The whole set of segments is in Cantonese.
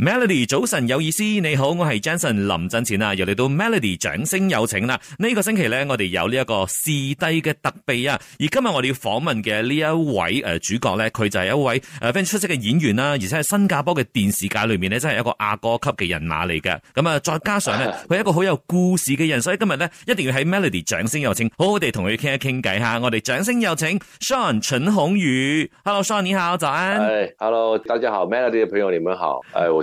Melody，早晨有意思，你好，我係 Jason 林振前啊，又嚟到 Melody 掌聲有請啦。呢、這個星期咧，我哋有呢一個視帝嘅特備啊，而今日我哋要訪問嘅呢一位誒、呃、主角咧，佢就係一位誒非常出色嘅演員啦、啊，而且喺新加坡嘅電視界裏面咧，真係一個阿哥級嘅人馬嚟噶。咁、嗯、啊，再加上咧，佢係一個好有故事嘅人，所以今日咧，一定要喺 Melody 掌聲有請，好好地同佢傾一傾偈吓。我哋掌聲有請 s h a w n 陳泓宇。h e l l o s h a w n 你好，早安、hey。h e l l o 大家好，Melody 嘅朋友你們好。哎，我。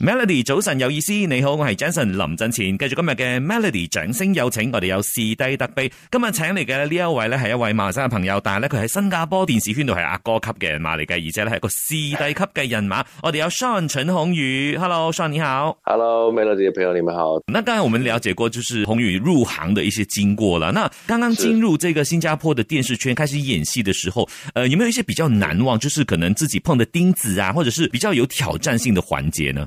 Melody 早晨有意思，你好，我係 Jason 林振前，繼續今日嘅 Melody 掌聲有請，我哋有四弟特備，今日請嚟嘅呢一位呢係一位馬生嘅朋友，但係呢，佢喺新加坡電視圈度係阿哥級嘅人馬嚟嘅，而且呢係一個師弟級嘅人馬。我哋有 Sean 陳鴻宇，Hello Sean 你好，Hello Melody 嘅朋友，你們好。那剛才我們了解過，就是鴻宇入行的一些經過啦。那剛剛進入這個新加坡嘅電視圈開始演戲嘅時候，誒、呃，有冇有一些比較難忘，就是可能自己碰的釘子啊，或者是比較有挑戰性的環節呢？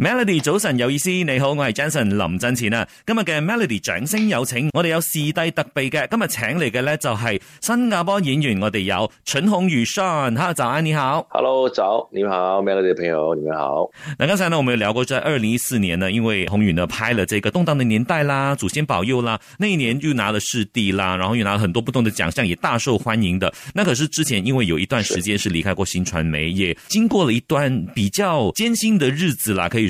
Melody 早晨有意思，你好，我係 Jason 林振前啊。今日嘅 Melody 掌聲有請，我哋有視帝特備嘅，今日請嚟嘅呢，就係、是、新加坡演員，我哋有陳鴻宇 Shine 哈早安，你好，Hello 早，你好，Melody 朋友你們好。嗱，剛才呢，我們有聊過，在二零一四年呢，因為鴻宇呢拍了這個動盪的年代啦、祖先保佑啦，那一年又拿了視帝啦，然後又拿了很多不同的獎項，也大受歡迎的。那可是之前因為有一段時間是離開過新傳媒，也經過了一段比較艱辛的日子啦，可以。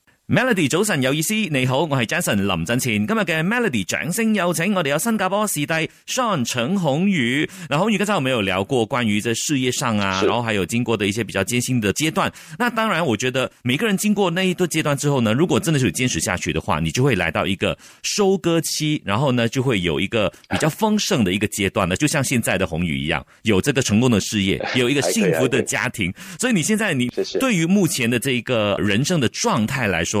Melody 早晨有意思，你好，我係 Jason 林振前。今日嘅 Melody 掌聲有請，我哋有新加坡視帝，Shaun 陳宏宇。那宏宇，剛才我們有聊過關於在事業上啊，然後還有經過的一些比較艱辛的階段。那當然，我覺得每個人經過那一個階段之後呢，如果真的是有堅持下去的話，你就會來到一個收割期，然後呢就會有一個比較豐盛的一個階段。呢，就像現在的宏宇一樣，有這個成功的事業，有一個幸福的家庭。以以所以，你現在你對於目前的這一個人生的狀態來說，